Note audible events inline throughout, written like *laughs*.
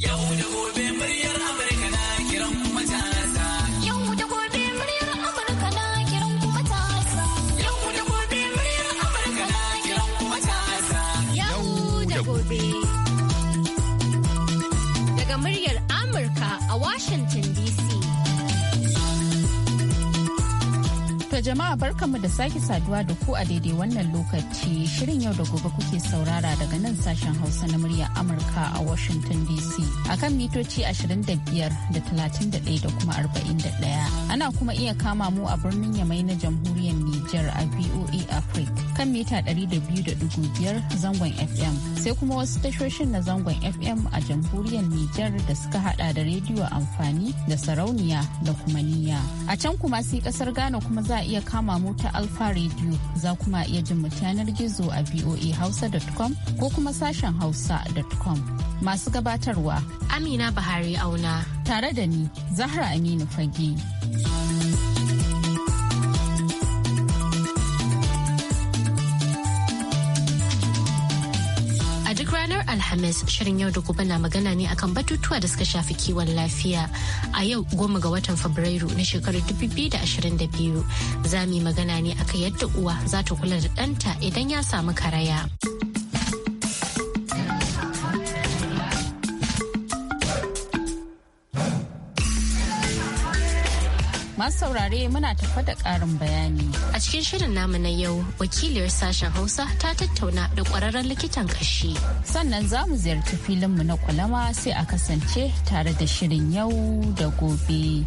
Yau da Jama'a barkanmu da sake saduwa da ku a daidai wannan lokaci shirin yau da gobe kuke saurara daga nan sashen Hausa na murya Amurka a Washington DC akan mitoci 25 da 31 da kuma 41. Ana kuma iya kama mu a birnin Yamai na jamhuriyar Nijar a VOA Africa kan mita 200.5 zangon FM sai kuma wasu tashoshin na zangon FM a jamhuriyar Nijar da suka hada da rediyo amfani da sarauniya da kuma niya. A can kuma sai kasar Ghana kuma za a iya kama mu ta Alfa Radio za kuma iya jin yanar gizo a Hausa.com ko kuma sashen hausa.com. Masu gabatarwa Amina Bahari Auna tare da ni Zahra Aminu Fage. Alhamis shirin yau da gobe na magana ne akan batutuwa da suka shafi kiwon lafiya. A yau goma ga watan Fabrairu na shekarar 2022 za mu yi magana ne akan yadda uwa za ta kula da ɗanta idan ya samu karaya. Masu saurare muna tafa da ƙarin bayani. A cikin shirin namu na yau, wakiliyar sashen Hausa ta tattauna da kwararren likitan ƙashi. Sannan za mu ziyarci filinmu na kwalama sai a kasance tare da shirin yau da gobe.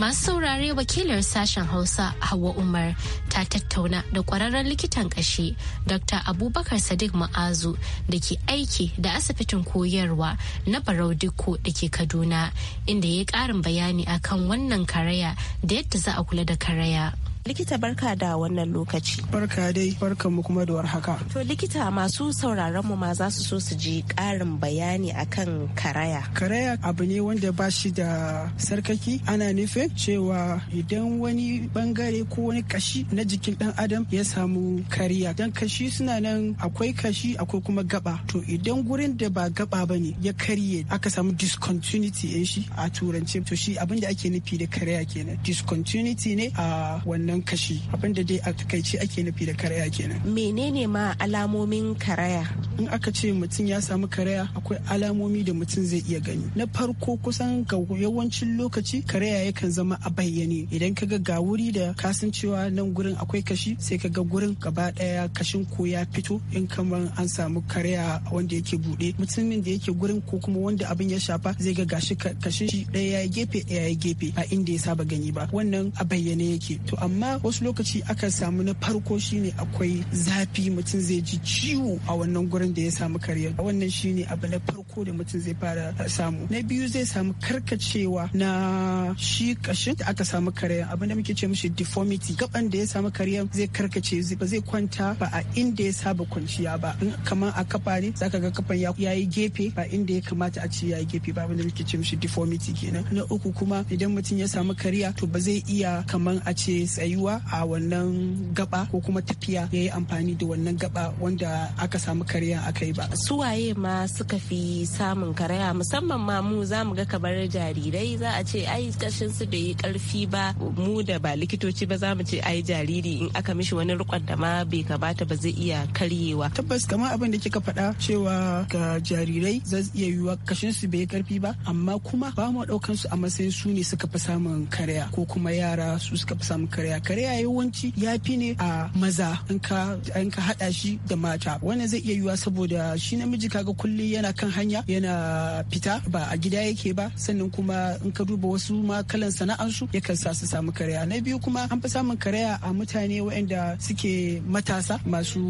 Masu saurare wakilar sashen Hausa Hawa Umar ta tattauna da kwararren likitan kashi dr abubakar sadiq ma'azu da ke aiki da asibitin koyarwa na barau dikko da ke kaduna inda ya yi karin bayani akan wannan karaya da yadda za a kula da karaya Likita barka da wannan lokaci. Barka dai, barka mu kuma da warhaka. To likita masu sauraron mu ma za su so su ji ƙarin bayani akan karaya. Karaya abu ne wanda ba shi da sarkaki ana nufin cewa idan wani bangare ko wani kashi na jikin dan adam ya samu kariya. Dan kashi suna nan akwai kashi akwai kuma gaba. To idan gurin da ba gaba ba ne ya karye aka samu discontinuity shi a turance to shi abin ake nufi da karaya kenan. Discontinuity ne a wannan wannan kashi abinda dai a takaice ake nufi da karaya kenan menene ma alamomin karaya in aka ce mutum ya samu karaya akwai alamomi da mutum zai iya gani na farko kusan ga yawancin lokaci karaya yakan zama a bayyane idan ka ga ga wuri da kasancewa nan gurin akwai kashi sai ka ga gurin gaba daya kashin ko ya fito in kamar an samu karaya wanda yake bude mutumin da yake gurin ko kuma wanda abin ya shafa zai ga gashi kashin shi daya ya gefe daya ya gefe a inda ya saba gani ba wannan a bayyane yake to amma wasu lokaci akan samu na farko shine akwai zafi mutum zai ji ciwo a wannan gurin wurin da ya samu karya wannan shine abu na farko da mutum zai fara samu na biyu zai samu karkacewa na shi kashin da aka samu karya abin da muke ce mishi deformity gaban da ya samu karya zai karkace ba zai kwanta ba a inda ya saba kwanciya ba in kamar a kafa ne zaka ga kafan ya yi gefe ba inda ya kamata a ce ya yi gefe ba abin da muke ce mishi deformity kenan na uku kuma idan mutum ya samu karya to ba zai iya kamar a ce tsayuwa a wannan gaba ko kuma tafiya ya yi amfani da wannan gaba wanda aka samu karya biyan aka yi ba suwaye ma suka fi samun karaya musamman ma mu za mu ga kamar jarirai za a ce ai kashin su bai yi karfi ba mu da ba likitoci ba za mu ce ai jariri in aka mishi wani rikon da ma bai kamata ba zai iya karyewa tabbas kamar abin da kika faɗa cewa ga jarirai zai iya yiwuwa kashin su bai yi karfi ba amma kuma ba mu ɗaukan su a matsayin su ne suka fi samun karaya ko kuma yara su suka fi samun karaya karaya yawanci ya fi ne a maza in ka haɗa shi da mata wannan zai iya yiwuwa saboda shi namiji kaga kulli yana kan hanya yana fita ba a gida yake ba sannan kuma in ka duba wasu ma kalan sana'ansu yakan sa su samu karaya na biyu kuma an fi samun karaya a mutane waɗanda suke matasa masu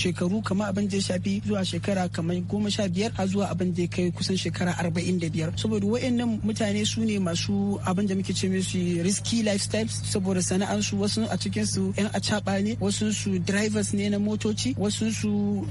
shekaru kamar abin da shafi zuwa shekara kamar goma sha biyar har zuwa abin da ya kai kusan shekara arba'in da biyar saboda waɗannan mutane su ne masu abin da muke ce musu risky lifestyles saboda sana'ansu wasu a cikin su yan acaɓa ne wasu su drivers ne na motoci wasu su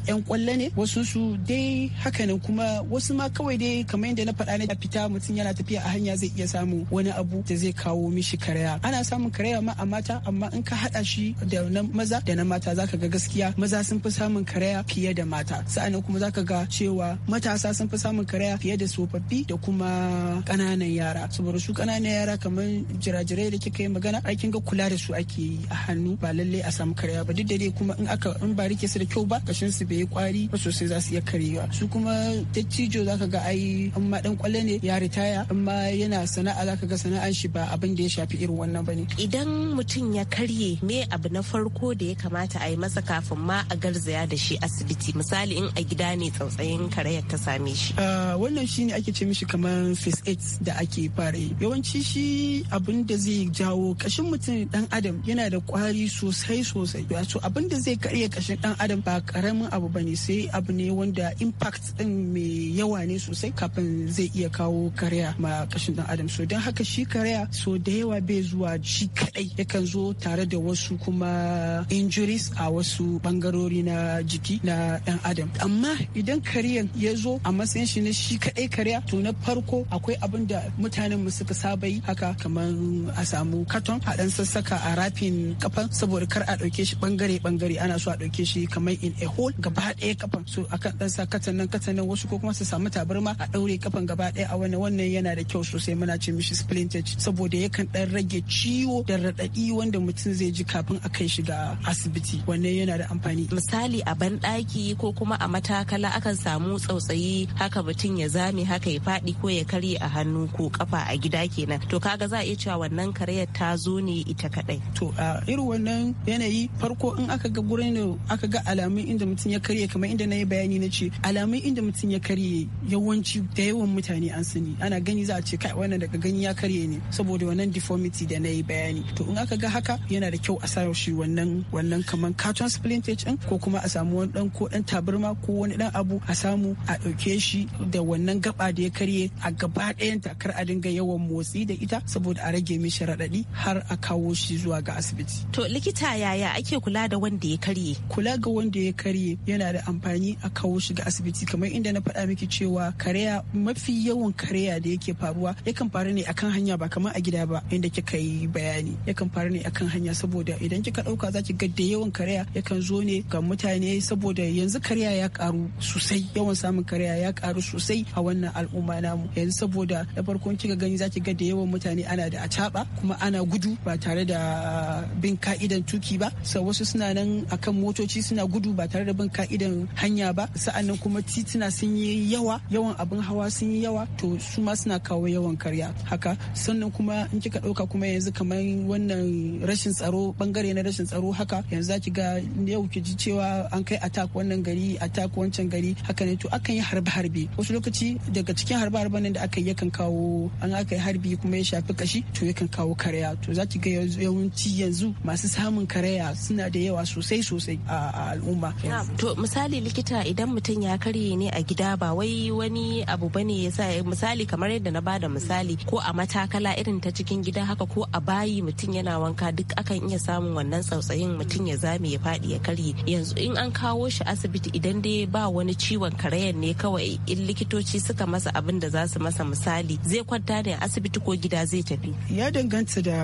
yan kwallon ne wasu su dai hakanan kuma wasu ma kawai dai kamar yadda na faɗa na fita mutum yana tafiya a hanya zai iya samu wani abu da zai kawo mishi karaya ana samun karaya ma a mata amma in ka haɗa shi da na maza da na mata zaka ga gaskiya maza sun fi samun karaya fiye da mata sa'annan kuma zaka ga cewa matasa sun fi samun karaya fiye da tsofaffi da kuma ƙananan yara saboda su ƙananan yara kamar jirajirai da kika yi magana aikin ga kula da su ake a hannu ba lallai a samu karaya ba duk da dai kuma in aka in ba rike su da kyau ba kashin su bai yi kwari ba sosai za su iya karewa su kuma dattijo ka ga ai amma ma dan kwalle ne ya ritaya amma yana sana'a za ka ga sana'ar shi ba abin da ya shafi irin wannan bane idan mutum ya karye me abu na farko da ya kamata a yi masa kafin ma a garzaya da shi asibiti misali in a gida ne tsautsayin karayar ta same shi ah, wannan shine ake ce mishi kamar face aid da ake fara yi yawanci shi abin da zai jawo kashin mutum dan adam yana da kwari sosai sosai wato abin da zai karye kashin dan adam ba karamin abu bane sai dai abu ne wanda impact din mai yawa ne sosai kafin zai iya kawo karya ma kashin dan adam so don haka shi karya so da yawa bai zuwa shi kadai yakan zo tare da wasu kuma injuries a wasu bangarori na jiki na dan adam amma idan karyan ya zo a matsayin shi na shi kadai karya to na farko akwai abin da mutanen mu suka saba yi haka kamar a samu katon a dan sassaka a rafin kafan saboda kar a dauke shi bangare bangare ana so a dauke shi kamar in a hole gaba daya kafan so akan dan sa katan nan katan wasu ko kuma su samu tabarma a daure kafan gaba daya a wannan wannan yana da kyau sosai muna ce mishi splintage saboda yakan dan rage ciwo da radadi wanda mutum zai ji kafin a kai shi ga asibiti wannan yana da amfani misali a banɗaki ko kuma a matakala akan samu tsautsayi haka mutum ya zame haka ya fadi ko ya karye a hannu ko kafa a gida kenan to kaga za a iya cewa wannan karyar ta zo ne ita kadai to a irin wannan yanayi farko in aka ga gurin da aka ga alamun inda mutum ya karye kamar kamar inda na yi bayani na ce alamun inda mutum ya karye yawanci da yawan mutane an sani ana gani za a ce kai wannan daga gani ya karye ne saboda wannan deformity da na yi bayani to in aka ga haka yana da kyau a sa shi wannan wannan kamar carton splintage din ko kuma a samu wani dan ko dan tabarma ko wani dan abu a samu a dauke shi da wannan gaba da ya karye a gaba ɗayan takar a dinga yawan motsi da ita saboda a rage mishi raɗaɗi har a kawo shi zuwa ga asibiti to likita yaya ake kula da wanda ya karye kula ga wanda ya karye yana da amfani amfani a kawo shi ga asibiti kamar inda na faɗa miki cewa karaya mafi yawan karya da yake faruwa yakan faru ne akan hanya ba kamar a gida ba inda kika yi bayani yakan faru ne akan hanya saboda idan kika ɗauka za ki ga da yawan karaya yakan zo ne ga mutane saboda yanzu karya ya karu sosai yawan samun karya ya karu sosai a wannan al'umma namu yanzu saboda da farkon kika gani za ki ga da yawan mutane ana da acaba kuma ana gudu ba tare da bin ka'idan tuki ba sau wasu suna nan akan motoci suna gudu ba tare da bin ka'idan hanya ba sa'annan kuma tituna sun yi yawa yawan abin hawa sun yi yawa to su ma suna kawo yawan karya haka sannan kuma in kika ɗauka kuma yanzu kamar wannan rashin tsaro bangare na rashin tsaro haka yanzu zaki ga yau ki ji cewa an kai attack wannan gari attack wancan gari haka ne to akan yi harbe harbe wasu lokaci daga cikin harbe harben nan da aka yi yakan kawo an aka yi harbi kuma ya shafi kashi to yakan kawo karya to zaki ga yawanci yanzu masu samun karaya suna da yawa sosai sosai a al'umma to misali likita idan mutum ya karye ne a gida ba wai wani abu bane ya misali kamar yadda na bada misali ko a matakala irin ta cikin gida haka ko a bayi mutum yana wanka duk akan iya samun wannan tsautsayin mutum ya zame ya faɗi ya karye yanzu in an kawo shi asibiti idan dai ba wani ciwon karayan ne kawai in likitoci suka masa abin da za su masa misali zai kwanta ne asibiti ko gida zai tafi ya danganta da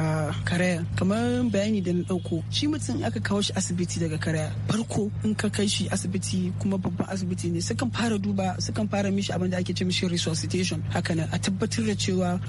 karaya kamar bayani da na dauko shi mutum aka kawo shi asibiti daga karaya farko in ka kai shi asibiti kuma babban asibiti ne sukan fara duba sukan fara mishi abin da ake ce mishi resuscitation haka nan a tabbatar da cewa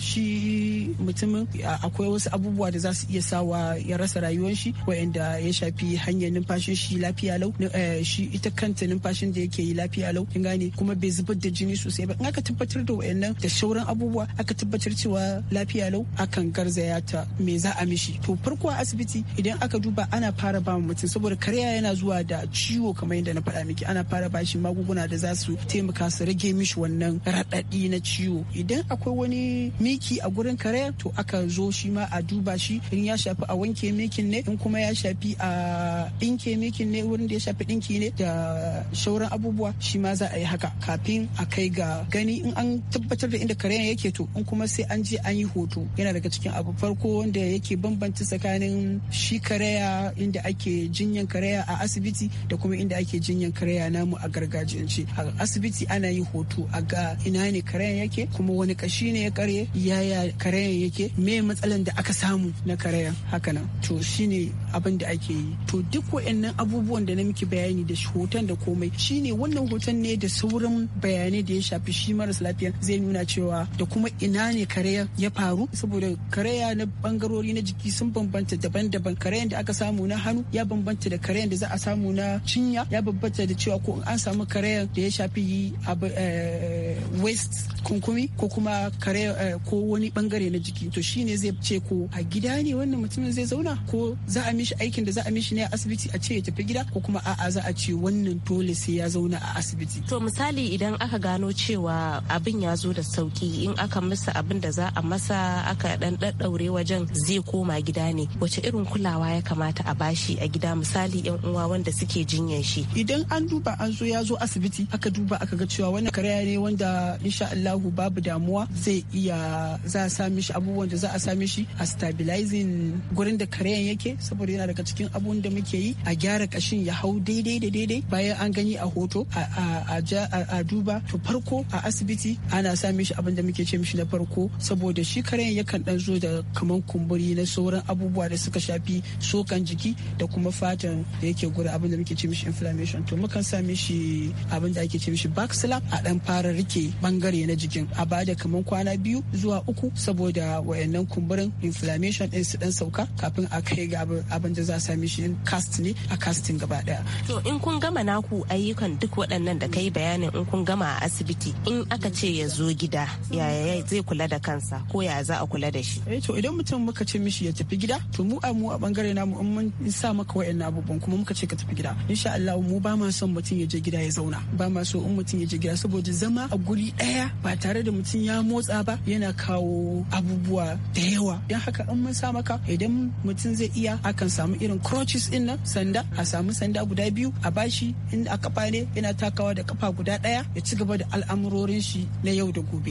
shi mutumin akwai wasu abubuwa da za su iya sawa ya rasa rayuwar shi wa'anda ya shafi hanyar numfashin shi lafiya lau eh, shi ita kanta numfashin da yake yi lafiya lau kin gane kuma bai zubar da jini sosai ba in aka tabbatar da wa'annan da sauran abubuwa aka tabbatar cewa lafiya lau akan garzaya ta me za a mishi to farko a asibiti idan aka duba ana fara ba mutum saboda karya yana zuwa da ciwo kamar yadda na faɗa miki ana fara bashi magunguna da za su taimaka su rage mishi wannan raɗaɗi na ciwo idan akwai wani miki a gurin kare to aka zo shi ma a duba shi in ya shafi a wanke mikin ne in kuma ya shafi a ɗinke mikin ne wurin da ya shafi ɗinki ne da shauran abubuwa shi ma za a yi haka kafin a kai ga gani in an tabbatar da inda karen yake to in kuma sai an je an yi hoto yana daga cikin abu farko wanda yake bambanta tsakanin shi karaya inda ake jinyan karaya a asibiti da kuma inda ake jinyan karaya namu a gargajiyance a asibiti ana yi hoto a ga ina ne karayan yake kuma wani kashi ne ya karye yaya karayan yake me matsalan da aka samu na karayan hakanan to shine abin da ake yi to duk wayannan abubuwan da na miki bayani da hoton da komai shine wannan hoton ne da sauran bayanai da ya shafi shi maras lafiya zai nuna cewa da kuma ina ne karaya ya faru saboda karaya na bangarori na jiki sun bambanta daban-daban karayan da aka samu na hannu ya bambanta da karayan da za a samu na cinya ya tabbata da cewa ko an samu karayar da ya shafi eh, west kunkumi ko kuma karayar eh, ko wani bangare na jiki to shine zai ce ko a gida ne wannan mutumin zai zauna ko za a mishi aikin da za a mishi ne a asibiti a ce ya tafi gida ko kuma a'a za a ce wannan dole sai ya zauna a asibiti to misali idan aka gano cewa abin ya zo da sauki in aka masa abin da za a masa aka dan daddaure wajen zai koma gida ne wace irin kulawa ya kamata a bashi a gida misali yan uwa wanda suke jinyar shi idan an duba an zo ya zo asibiti aka duba aka ga cewa wannan karaya ne wanda insha Allahu babu damuwa zai iya za a sami shi abubuwan da za a sami shi a stabilizing gurin da karayan yake saboda yana daga cikin abun da muke yi a gyara kashin ya hau daidai da daidai bayan an gani a hoto a duba to farko a asibiti ana sami shi abin da muke ce mishi na farko saboda shi karayan yakan dan zo da kaman kumburi na sauran abubuwa da suka shafi sokan jiki da kuma fatan da yake gura abin da muke ce mishi inflammation inflammation to mukan sa mishi abin da ake ce mishi back slap a dan fara rike bangare na jikin a bada kaman kwana biyu zuwa uku saboda wayannan kumburin inflammation din su dan sauka kafin a kai ga abin da za a mishi shi cast ne a casting gaba daya to in kun gama naku ayyukan duk waɗannan da kai bayanin in kun gama a asibiti in aka ce ya zo gida yaya zai kula da kansa ko ya za a kula da shi eh to idan mutum muka ce mishi ya tafi gida to mu a mu a bangare namu in mun sa maka wayannan abubuwan kuma muka ce ka tafi gida insha Allah mu mu ba ma son mutum ya je gida ya zauna ba ma so in mutum ya je gida saboda zama a guri ɗaya ba tare da mutum ya motsa ba yana kawo abubuwa da yawa don haka in mun sa maka idan mutum zai iya akan samu irin crutches din nan sanda a samu sanda guda biyu a bashi in a kafa ne yana takawa da kafa guda ɗaya ya ci gaba da al'amurorin shi na yau da gobe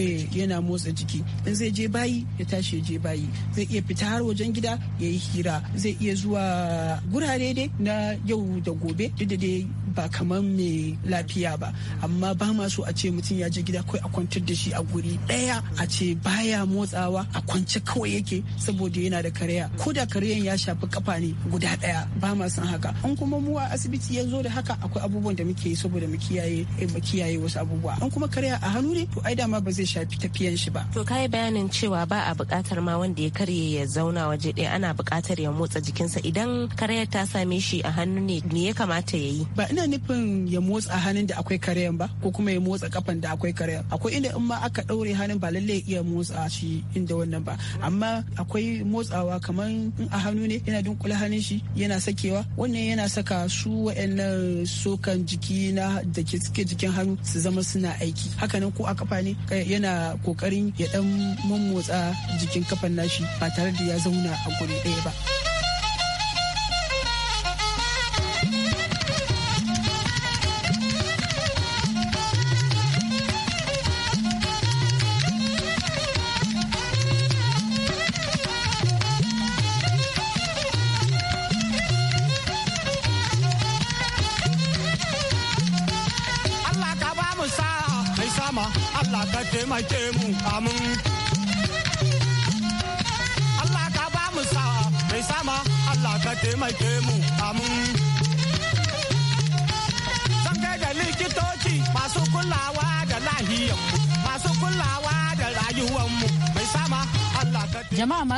eh, yana motsa jiki in zai je bayi ya tashi ya je bayi zai iya fita har wajen gida ya yi hira zai iya zuwa gurare dai na yau da gobe did da ba kamar mai lafiya ba amma ba ma so a ce mutum ya je gida kawai a kwantar da shi a guri daya a ce baya motsawa a kwance kawai yake saboda yana da karaya ko da karayan ya shafi kafa ne guda daya ba ma san haka an kuma mu a asibiti ya zo da haka akwai abubuwan da muke yi saboda mu kiyaye mu kiyaye wasu abubuwa an kuma karya a hannu ne to ai dama ba zai shafi tafiyan shi ba to kai bayanin cewa ba a buƙatar ma wanda ya karye ya zauna waje ɗaya ana buƙatar ya motsa jikinsa idan karyar ta same shi a hannu ne me ya kamata ya yi ina nufin ya motsa hannun da akwai karyan ba ko kuma ya motsa kafan da akwai karyan akwai inda in ma aka daure hannun ba lalle iya motsa shi inda wannan ba amma akwai motsawa kamar in a hannu ne yana dunkula hannun shi yana sakewa wannan yana saka su wa'annan sokan jiki na da ke suke jikin hannu su zama suna aiki hakanan ko a kafa ne eh, yana kokarin ya dan mummotsa jikin kafan nashi ba tare da ya zauna a guri ɗaya ba.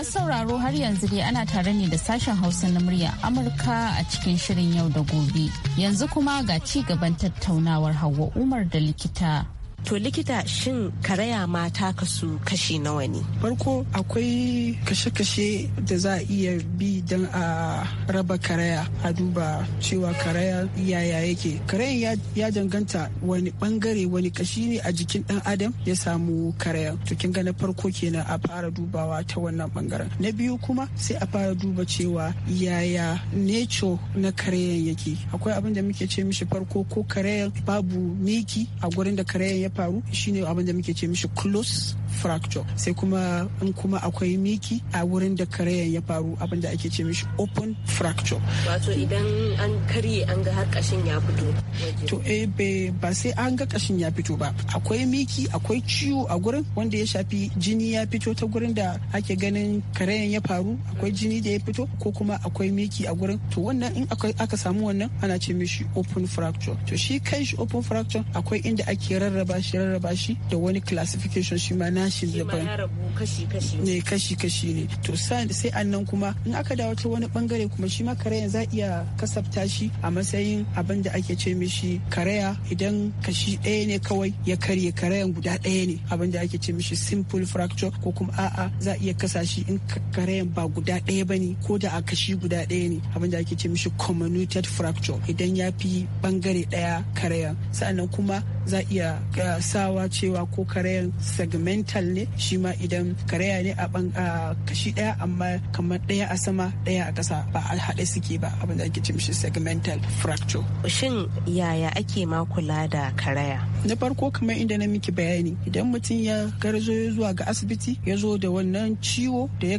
Masu sauraro har yanzu dai ana tare ne da sashen Hausa na murya Amurka a cikin shirin yau da gobe. Yanzu kuma ga ci gaban tattaunawar Hauwa Umar da likita. To likita shin karaya mata kasu kashi nawa ne? Farko akwai kashe-kashe da za a iya bi don a raba karaya a duba cewa karaya yaya yake. Karayan ya danganta wani bangare wani kashi ne a jikin dan adam ya samu karaya. To kin gane farko kenan a fara dubawa ta wannan bangaren. Na biyu kuma sai a fara duba cewa yaya neco na karayan yake. Akwai abin da muke ce mishi farko ko karayan babu miki a gurin da karayan ya faru shine abin da muke ce mishi close fracture sai kuma in kuma akwai miki a wurin da karayan ya faru abin da ake ce mishi open fracture wato idan an karye an ga har kashin ya fito to eh ba sai an ga kashin ya fito ba akwai miki akwai ciwo a gurin wanda ya shafi jini ya fito ta gurin da ake ganin karayan ya faru akwai jini da ya fito ko kuma akwai miki a gurin to wannan in aka samu wannan ana ce mishi open fracture to shi kai shi open fracture akwai inda ake rarraba shi rarraba shi da wani classification shi ma nashi daban ne kashi kashi ne to sai annan kuma in aka dawo ta wani bangare kuma shi ma karayan za iya kasafta shi a matsayin abin da ake ce mishi karaya idan kashi ɗaya ne kawai ya karye karayan guda ɗaya ne abin da ake ce mishi simple fracture ko kuma a'a za iya kasa shi in karayan ba guda ɗaya bane ko da a kashi guda ɗaya ne abin da ake ce mishi comminuted fracture idan ya fi bangare ɗaya karayan sa'annan kuma za iya sawa cewa ko karayan segmental ne shi ma idan karaya ne a kashi daya amma kamar daya a sama daya a kasa ba a haɗe suke ba abin da ake ce mishi segmental fracture shin yaya ake ma kula da karaya na farko kamar inda na miki bayani idan mutum ya garzo ya zuwa ga asibiti ya zo da wannan ciwo da ya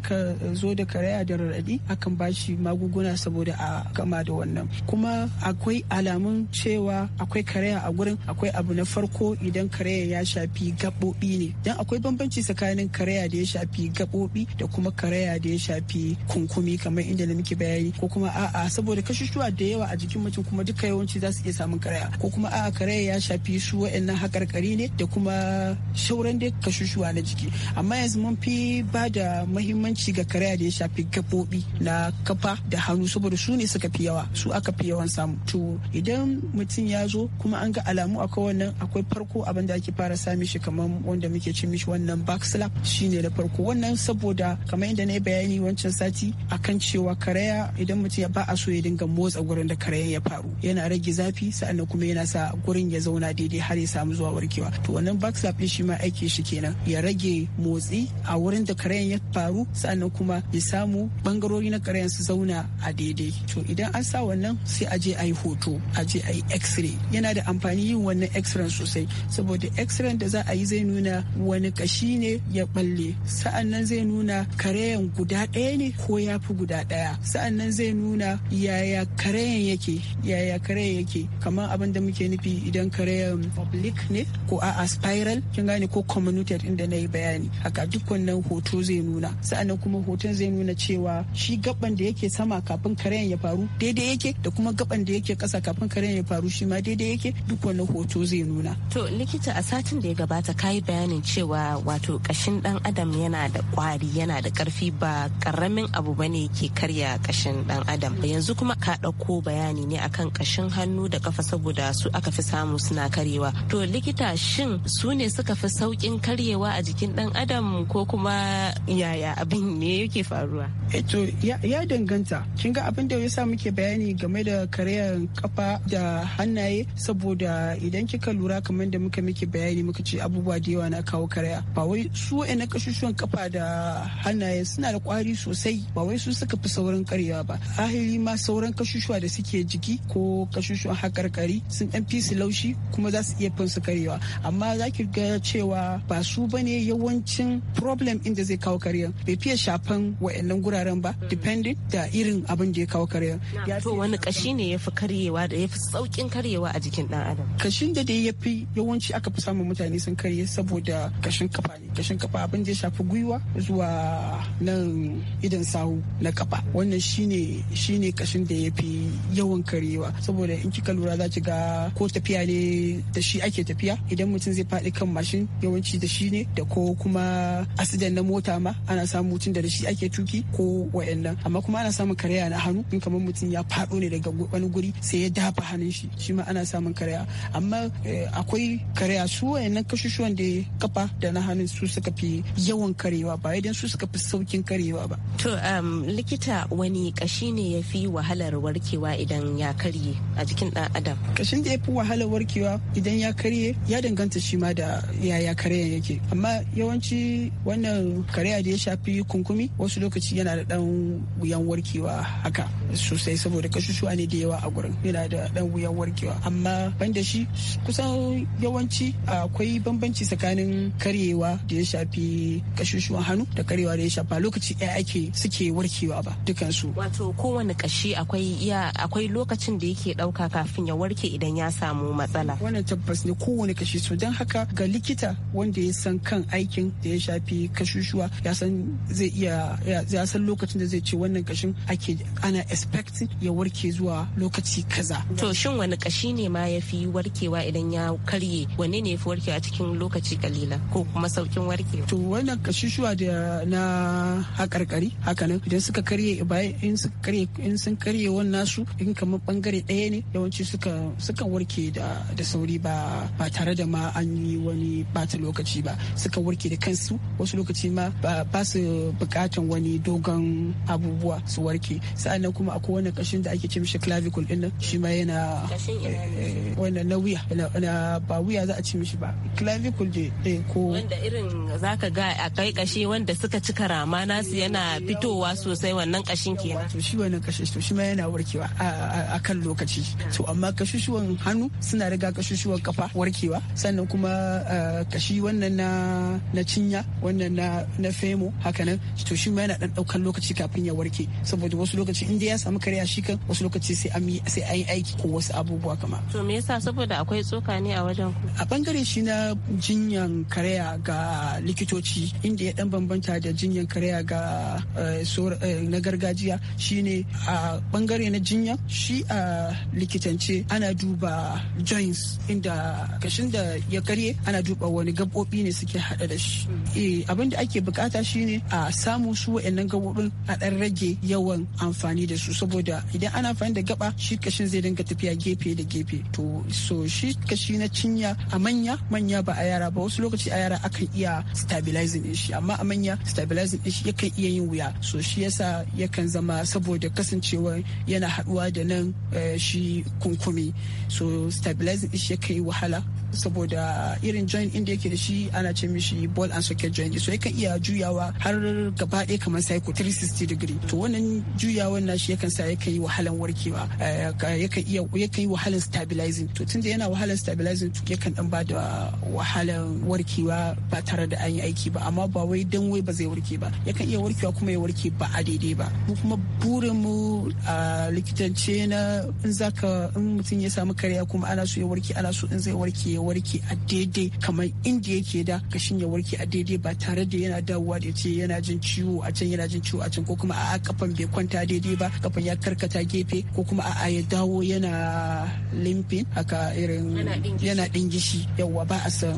zo da karaya da raradi akan ba shi magunguna saboda a gama da wannan kuma akwai alamun cewa akwai karaya a gurin akwai abu na farko idan idan karaya ya shafi gaɓoɓi ne don akwai bambanci tsakanin karaya da ya shafi gaɓoɓi da kuma karaya da ya shafi kunkumi kamar inda na muke bayani ko kuma a'a saboda kashushuwa da yawa a jikin mutum kuma duka yawanci za su iya samun karaya ko kuma a'a karaya ya shafi su wa'annan haƙarƙari ne da kuma shauran da kashushuwa na jiki amma yanzu mun fi ba da mahimmanci ga karaya da ya shafi gaɓoɓi na kafa da hannu saboda su ne suka fi yawa su aka fi yawan samu to idan mutum ya zo kuma an ga alamu akwai wannan akwai farko abin da ake fara sami shi kamar wanda muke ce mishi wannan back slap shine da farko wannan saboda kamar inda na yi bayani wancan sati a kan cewa karaya idan mutum ya ba a so ya dinga motsa gurin da karayan ya faru yana rage zafi sa'annan kuma yana sa gurin ya zauna daidai har ya samu zuwa warkewa to wannan back slap din shi ma aiki shi kenan ya rage motsi a wurin da karayan ya faru sa'annan kuma ya samu bangarori na karayan su zauna a daidai to idan an sa wannan sai a je a yi hoto a je a yi x-ray yana da amfani yin wannan x-ray sosai saboda x-ray da za a yi zai nuna wani kashi ne ya balle sa'annan zai nuna karayan guda ɗaya ne ko ya fi guda ɗaya sa'annan zai nuna yaya karayan yake yaya karayan yake kamar abin da muke nufi idan karayan public ne ko a spiral kin gane ko comminuted inda na yi bayani haka duk hoto zai nuna sa'annan kuma hoton zai nuna cewa shi gaban da yake sama kafin karayan ya faru daidai yake da kuma gaban da yake kasa kafin karayan ya faru shi ma daidai yake duk hoto zai nuna likita a satin da ya gabata kayi bayanin cewa wato kashin dan adam yana da kwari yana da karfi ba karamin abu bane ke karya kashin dan adam yanzu kuma ka dauko bayani ne akan kashin hannu da kafa saboda su aka fi samu suna karyewa to likita shin su ne suka fi saukin karyewa a jikin dan adam ko kuma yaya abin ne yake faruwa eto eh ya danganta kin ga abin da yasa muke bayani game da karyar kafa da hannaye saboda idan kika lura kamar da muke muka miki bayani muka ce abubuwa da yawa na kawo karaya ba wai su na kashushuwan kafa da hannaye suna da kwari sosai ba wai su suka fi sauran karyawa ba ahiri ma sauran kashushuwa da suke jiki ko kashushuwan hakarkari sun dan fi su laushi kuma za su iya fin su karyawa amma za ki ga cewa ba su bane yawancin problem in da zai kawo karyar bai fiye shafan wa'annan guraren ba dependent da irin abin da ya kawo karyan to wani kashi ne ya fi karyewa da ya fi saukin karyewa a jikin dan adam kashin da dai ya fi yawanci yawanci aka fi samun mutane sun karye saboda kashin kafa ne kashin kafa abin da ya shafi gwiwa zuwa nan idan sahu na kafa wannan shine shine kashin da ya fi yawan karyewa saboda in kika lura za ki ga ko tafiya ne da shi ake tafiya idan mutum zai faɗi kan mashin yawanci da shi ne da ko kuma asidan na mota ma ana samun mutum da da shi ake tuki ko wayannan amma kuma ana samun karaya na hannu in kamar mutum ya faɗo ne daga wani guri sai ya dafa hannun shi shi ma ana samun karaya amma eh, akwai karya su wayannan kashushuwan da kafa da na hannun su suka fi yawan karewa ba idan su suka fi saukin karewa ba to um, likita wani kashi ne ya fi wahalar warkewa idan ya karye a jikin ɗan adam kashin da ya fi wahalar warkewa idan ya karye ya danganta shi ma da yaya karyan yake amma yawanci wannan karya da ya shafi kunkumi wasu lokaci yana da dan wuyan warkewa haka sosai saboda kashushuwa ne da yawa a gurin yana da ɗan wuyan warkewa amma banda shi kusan yawan yawanci akwai bambanci tsakanin karyewa da ya shafi kashushuwan hannu da karyewa da ya shafi lokaci ɗaya ake suke warkewa ba dukansu. Wato kowane kashi akwai iya akwai lokacin da yake ɗauka kafin ya warke idan ya samu matsala. Wannan tabbas ne kowane kashi so don haka ga likita wanda ya san kan aikin da ya shafi kashushuwa ya san zai iya ya san lokacin da zai ce wannan kashin ake ana expecting ya warke zuwa lokaci kaza. To shin wani kashi ne ma ya fi warkewa idan ya karye wanne ne fi a cikin lokaci kalila ko kuma saukin warke. to wannan kashishuwa da na hakarkari hakanan idan suka karye bayan in suka karye in sun karye wannan su in kamar bangare ɗaya ne yawanci suka suka warke da da sauri ba ba tare da ma an yi wani bata lokaci ba suka warke da kansu wasu lokaci ma ba su bukatan wani dogon abubuwa su warke sa'annan kuma akwai wani kashin da ake ce mishi clavicle din shi ma yana eh, eh, wannan na wuya na ba wuya za a ci mishi ba clavicle da eh, ko wanda irin zaka ga a kai kashi wanda suka ci karama nasu yana fitowa sosai wannan kashin kenan to shi wannan kashin to shi ma yana warkewa a kan lokaci to amma kashushuwan hannu suna riga kashushuwan kafa warkewa sannan kuma eh, kashi wannan na na cinya wannan na na femo hakanan to shi ma yana dan daukan lokaci kafin ya warke saboda wasu lokaci in dai ya samu karya shi kan wasu lokaci sai an yi aiki ko wasu abubuwa kama to me yasa saboda akwai tsoka ne a wajen ku a bangare shi na jinyan karaya ga likitoci inda ya dan bambanta da jinyan karaya ga eh, eh, na gargajiya shine a bangare na jinya shi a likitance ana duba joints inda kashin da ya karye ana duba wani gabobi ne suke hada da shi eh, abin da ake bukata shine a samu su wa'annan gabobin a dan rage yawan amfani da su saboda idan ana amfani da gaba shi kashin zai dinga tafiya gefe da gefe to so shi kashi na cinya a manya manya ba a yara ba wasu lokaci a yara akan iya stabilizing din shi amma a manya stabilizing din shi yakan iya yin wuya so shi yasa yakan zama saboda kasancewa yana haduwa da nan eh, shi kunkumi so stabilizing din shi yakan yi wahala saboda irin joint inda yake da shi ana ce mishi ball and socket joint so yakan iya juyawa har gaba ɗaya kamar cycle 360 degree to wannan juyawan nashi yakan sa yakan yi wahalan warkewa eh, yakan iya yakan yi wahalan stabilizing to tunda yana wahalan stabilizing to yakan dan da wahalan warkewa ba tare da an yi aiki ba amma ba wai dan wai ba zai warke ba yakan iya warkewa kuma ya warke ba a daidai ba mu kuma burin mu a likitance na in zaka in mutum ya samu karya kuma ana so ya warke ana so in zai warke warke a daidai kamar inda yake da kashin ya warke a daidai ba tare da yana dawowa da ce yana jin ciwo a can yana jin ciwo a can ko kuma a kafan bai kwanta daidai ba kafan ya karkata gefe ko kuma a ya dawo yana limfin haka irin yana dingishi yawa ba a san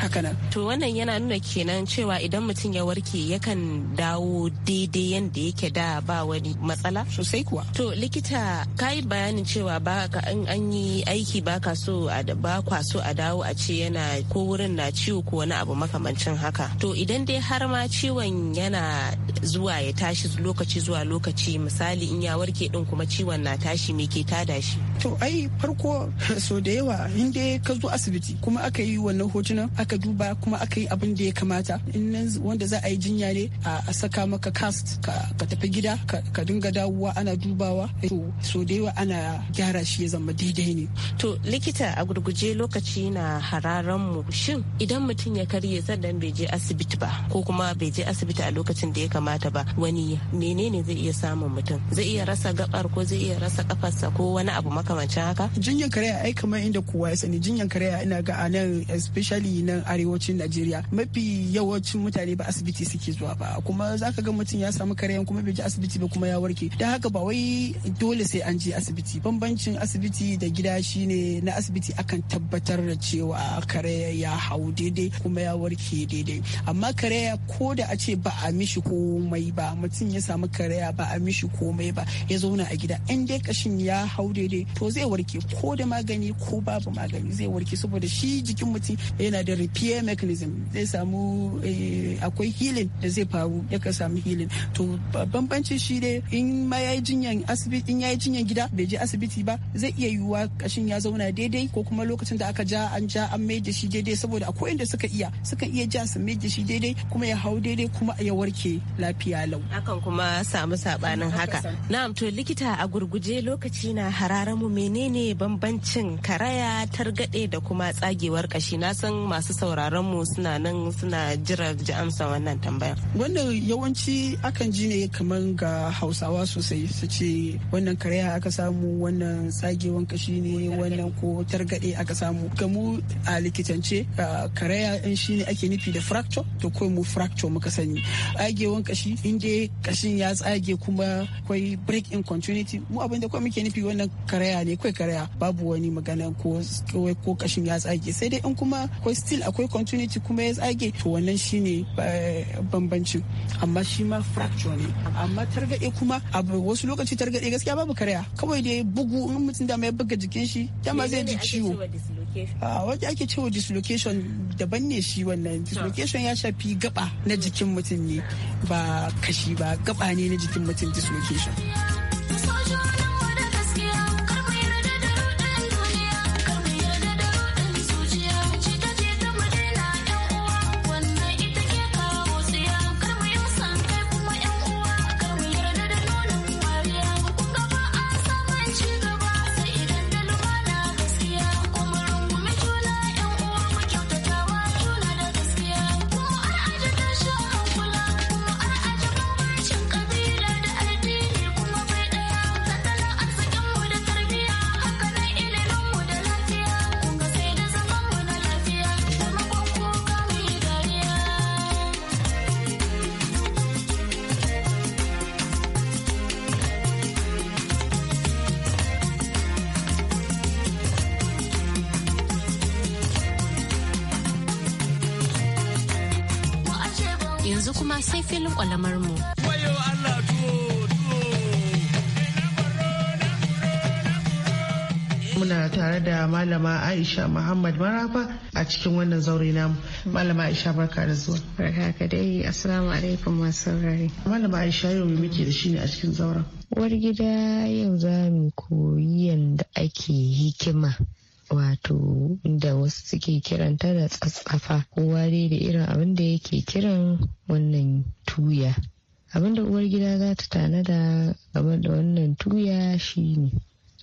haka nan to wannan yana nuna kenan cewa idan mutum ya warke yakan dawo daidai yanda yake da ba wani matsala sosai kuwa to likita yi bayanin cewa ba ka an yi aiki ba ka so a ba kwa so a dawo a ce yana ko wurin na ciwo ko wani abu makamancin haka to idan dai har ma ciwon yana zuwa ya tashi lokaci zuwa lokaci misali in ya warke din kuma ciwon na tashi me ke tada shi to ai farko *laughs* so da yawa in dai ka zo asibiti kuma aka yi wannan hotunan aka duba kuma aka yi abin da ya kamata in wanda za a yi jinya ne a saka maka cast ka tafi gida ka dinga dawowa ana dubawa to so da yawa ana gyara shi ya zama daidai ne to likita a gurguje lokaci yana hararan mu shin idan mutum ya karye sannan bai je asibiti ba ko kuma bai je asibiti a lokacin da ya kamata ba wani menene zai iya samun mutum zai iya rasa gabar ko zai iya rasa kafarsa ko wani abu makamancin haka jinyan karaya ai kamar inda kowa ya sani jinyan karaya ina ga a nan especially nan arewacin Najeriya mafi yawancin mutane ba asibiti suke zuwa ba kuma zaka ga mutum ya samu karayan kuma bai je asibiti ba kuma ya warke dan haka ba wai dole sai an je asibiti bambancin asibiti da gida shine na asibiti akan tabbatar nuna cewa kare ya hau daidai kuma ya warke daidai amma kare ko da a ce ba a mishi komai ba mutum ya samu kare ba a mishi komai ba ya zauna a gida in dai kashin ya hau daidai to zai warke ko da magani ko babu magani zai warke saboda shi jikin mutum yana da repair mechanism zai samu eh, akwai healing da zai faru yakan samu healing to bambanci shi dai in ma yi jinyan asibiti in yi jinyan gida bai je asibiti ba zai iya yiwuwa kashin ya zauna daidai ko kuma lokacin da aka ja ja an ja an mai da shi daidai saboda akwai inda suka iya suka iya ja su mai da shi daidai kuma ya hau daidai kuma ya warke lafiya lau Hakan kuma samu sabanin haka na'am to likita a gurguje lokaci na hararan mu menene bambancin karaya targade da kuma tsagewar kashi na san masu sauraron mu suna nan suna jira ji amsa wannan tambayar wannan yawanci akan ji ne kamar ga hausawa sosai su ce wannan karaya aka samu wannan tsagewar kashi ne wannan ko targade aka samu mu a likitance karaya in shi ne ake nufi da fracture to kawai mu fracture muka sani agewan kashi in dai kashin ya tsage kuma akwai break in continuity mu abin da kawai muke nufi wannan karaya ne kawai karaya babu wani magana ko ko kashin ya tsage sai dai in kuma akwai still akwai continuity kuma ya tsage to wannan shine eh, bambancin amma shi ma fracture ne amma targaɗe kuma a wasu lokaci targaɗe gaskiya babu karaya kawai dai bugu in mutum da ya buga jikin shi dama zai ji ciwo Ah, wanda ake cewa dislocation daban ne shi wannan dislocation ya shafi gaba na jikin mutum ne ba kashi ba gaba ne na jikin mutum dislocation yanzu kuma sai filin kwalamar mu. muna tare da malama aisha muhammad marafa a cikin wannan zaure namu malama aisha barka da zuwa barka ka dai assalamu alaikum masu rari malama aisha yau muke da shi a cikin zauren uwar gida yau za mu koyi yadda ake hikima wato da wasu suke kiranta da tsatsafa kowa dai da irin abin da yake kiran wannan tuya abin da uwar gida za ta tanada game da wannan tuya shine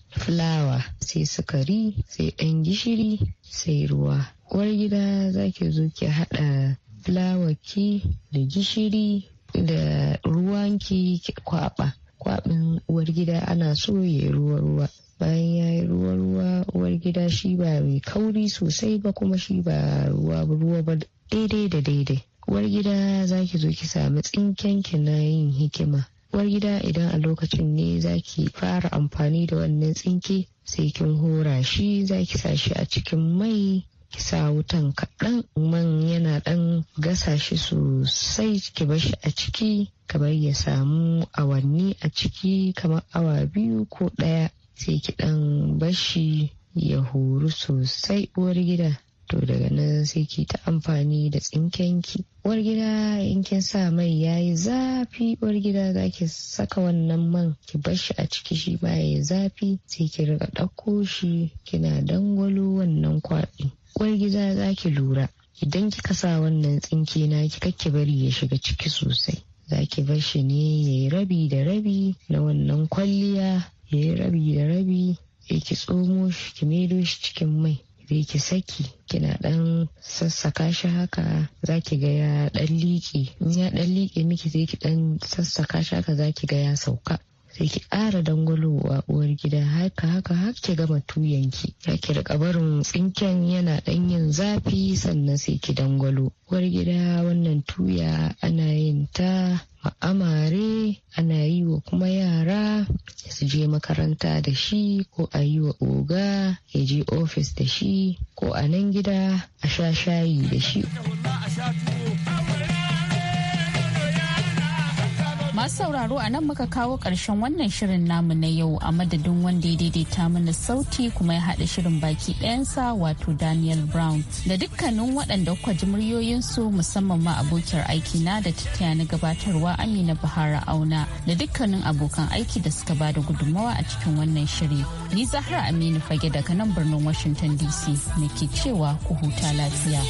fulawa sai sukari sai ɗan gishiri sai ruwa uwar gida za ki zo ki haɗa fulawarki da gishiri da ruwanki kwaɓa. kwaba kwabin uwar gida ana so ya ruwa ruwa bayan ya yi ruwa ruwa uwar gida shi ba mai kauri sosai ba kuma shi ba ruwa ruwa ba daidai da daidai uwar gida za ki zo ki sami tsinken ki na yin hikima uwar gida idan a lokacin ne za ki fara amfani da wannan tsinke sai kin hora shi za ki sa shi a cikin mai ki sa wutan kaɗan man yana ɗan gasa shi sosai ki bar shi a ciki kamar ya samu awanni a ciki kamar awa biyu ko ɗaya sai ki dan bashi ya horu sosai uwar gida to daga nan sai ki ta amfani da tsinkenki uwar gida in kin sa mai yayi zafi uwar gida za ki saka wannan man ki bashi a ciki shi ba yayi zafi sai ki riga ɗauko shi kina dangwalo wannan kwaɗi uwar gida za ki lura idan kika sa wannan tsinke na ki bari ya shiga ciki sosai zaki ki bar shi ne ya yi rabi da rabi na wannan kwalliya yi rabi da rabi ya ki tsomo shi ki maido shi cikin mai da ki saki kina dan sassaka shi haka ki ga ya dan liƙe in ya dan liƙe miki sai ki dan sassaka shi haka ki ga ya sauka sai ki ƙara a uwar gida haka haka har ki gama ki. ya ki rika barin tsinken yana ɗan yin zafi sannan sai ki dangwalo uwar gida wannan tuya ana yin ta wa amare ana yi wa kuma yara su je makaranta da shi ko a yi wa oga ya je ofis da shi ko a nan gida a sha shayi da shi. Masu sauraro a nan muka kawo ƙarshen wannan shirin namu na yau a madadin wanda ya daidaita mana sauti kuma ya haɗa shirin baki ɗayansa wato Daniel Brown da dukkanin waɗanda kuka ji muryoyinsu musamman ma abokiyar aiki na da tattaya na gabatarwa Amina Bahara Auna da dukkanin abokan aiki da suka bada gudummawa a cikin wannan shiri. Ni Zahra Aminu Fage daga nan birnin Washington DC nake cewa ku huta lafiya.